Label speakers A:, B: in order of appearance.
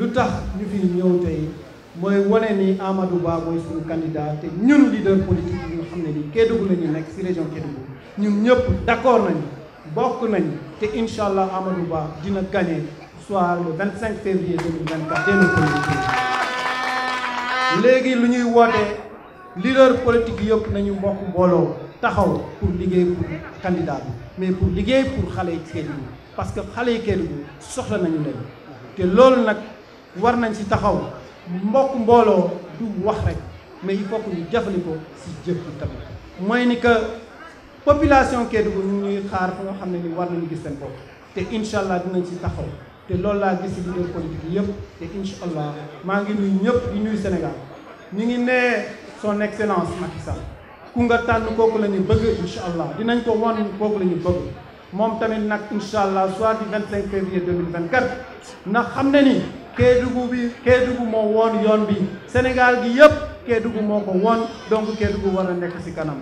A: lu ñu fi ñëw tey mooy wane ni Amadou Ba mooy suñu candidat te ñun leader politique yi nga xam ne nii Kédougou la ñu nekk si région Kédougou ñun ñëpp d' accord nañu bokk nañ te incha allah Amadou Ba dina gagné soir le 25 février 2024 dinañ politique léegi lu ñuy wootee. leader politique yëpp nañu mbokk mbooloo taxaw pour liggéey pour candidat bi mais pour liggéey pour xale yi parce que xale yi Kédougou soxla nañu leen te loolu nag war nañ ci taxaw mbokk mbooloo du wax rek mais il faut que ñu jafali ko ci jëf yi tamit mooy ni que population Kédougou ñu ñuy xaar fu nga xam ne ni war nañu gis seen bopp te incha allah dinañ ci taxaw te loolu laa gis ci leader politique yëpp te incha maa ngi nuyu ñëpp di nuyu Sénégal ñu ngi ne son excellence Macky Sall ku nga tànn kooku la ñu bëgg incha allah dinañ ko wan kooku la ñu bëgg moom tamit nag incha allah soit du 25 février 2024 ndax xam ne ni. Kédougou bi Kédougou moo woon yoon bi Sénégal gi yëpp Kédougou moo ko woon donc Kédougou war a nekk ci kanam